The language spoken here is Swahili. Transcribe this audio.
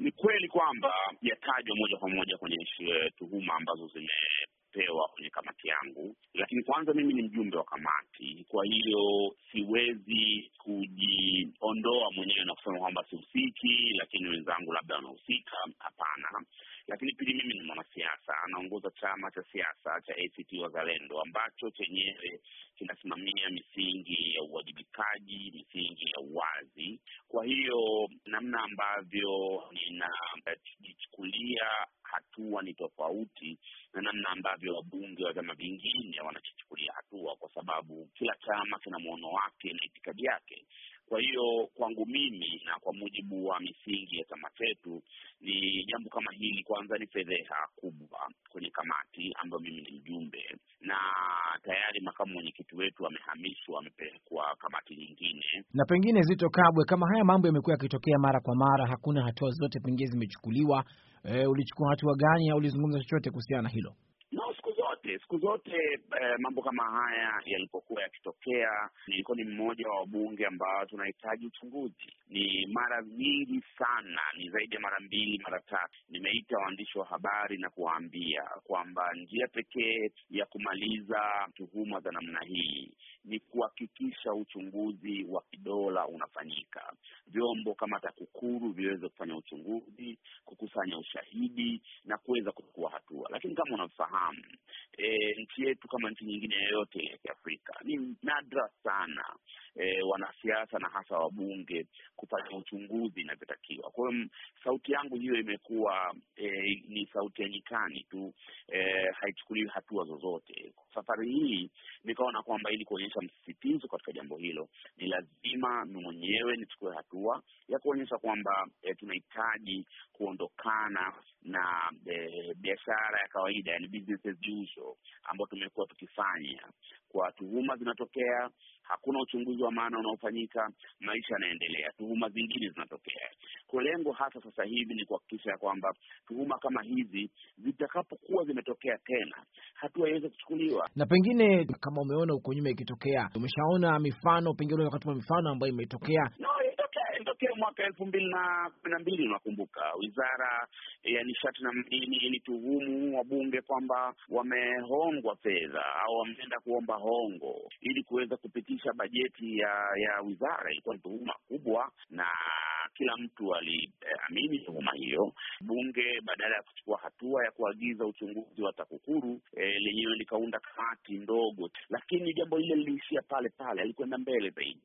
Ni kweli kwamba yatajwa moja kwa moja kwenye eh, tuhuma ambazo zimepewa kwenye kamati yangu, lakini kwanza mimi ni mjumbe wa kamati, kwa hiyo siwezi kujiondoa mwenyewe na kusema kwamba sihusiki, lakini wenzangu labda wanahusika. Hapana. Lakini pili, mimi ni mwanasiasa, anaongoza chama cha siasa cha ACT Wazalendo ambacho chenyewe kinasimamia misingi ya uwajibikaji, misingi ya uwazi namna ambavyo ninajichukulia hatua ni tofauti na namna ambavyo wabunge wa vyama vingine wanachochukulia hatua, kwa sababu kila chama kina mwono wake na itikadi yake. Kwa hiyo kwangu mimi na kwa mujibu wa misingi ya chama chetu, ni jambo kama hili kwanza ni fedheha kubwa kwenye kamati ambayo mimi ni mjumbe, na tayari makamu mwenyekiti wetu amehamishwa, amepelekwa kamati nyingine. Na pengine Zito Kabwe, kama haya mambo yamekuwa yakitokea mara kwa mara, hakuna hatua zote pengine zimechukuliwa, e, ulichukua hatua gani au ulizungumza chochote kuhusiana na hilo? Siku zote eh, mambo kama haya yalipokuwa yakitokea, nilikuwa ni mmoja wa wabunge ambao tunahitaji uchunguzi. Ni mara nyingi sana, ni zaidi ya mara mbili mara tatu, nimeita waandishi wa habari na kuwaambia kwamba njia pekee ya kumaliza tuhuma za namna hii ni kuhakikisha uchunguzi wa kidola unafanyika, vyombo kama TAKUKURU viweze kufanya uchunguzi, kukusanya ushahidi na kuweza kuchukua hatua, lakini kama unafahamu e, nchi yetu kama nchi nyingine yoyote ya Kiafrika. Ni nadra sana e, wanasiasa na hasa wabunge kufanya uchunguzi inavyotakiwa um, sauti yangu hiyo imekuwa eh, ni sauti ya nyikani tu eh, haichukuliwi hatua zozote. Safari hii nikaona kwamba ili kuonyesha msisitizo katika jambo hilo, ni lazima mi mwenyewe nichukue hatua ya kuonyesha kwamba eh, tunahitaji kuondokana na eh, biashara ya kawaida, yani business as usual ambayo tumekuwa tukifanya kwa tuhuma zinatokea, hakuna uchunguzi wa maana unaofanyika, maisha yanaendelea, tuhuma zingine zinatokea. Kwa lengo hasa sasa hivi ni kuhakikisha kwamba tuhuma kama hizi zitakapokuwa zimetokea tena, hatua iweze kuchukuliwa. Na pengine kama umeona huko nyuma ikitokea, umeshaona mifano, pengine unaweza kutupa mifano ambayo imetokea no elfu mbili na kumi na mbili unakumbuka, wizara ya nishati na madini ilituhumu wabunge kwamba wamehongwa fedha au wameenda kuomba hongo ili kuweza kupitisha bajeti ya ya wizara. Ilikuwa ni tuhuma kubwa na kila mtu aliamini eh, tuhuma hiyo. Bunge badala ya kuchukua hatua ya kuagiza uchunguzi wa TAKUKURU eh, lenyewe likaunda kamati ndogo, lakini jambo lile liliishia pale pale, alikwenda mbele zaidi.